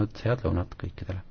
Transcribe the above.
nüüd head lõunat kõikidele!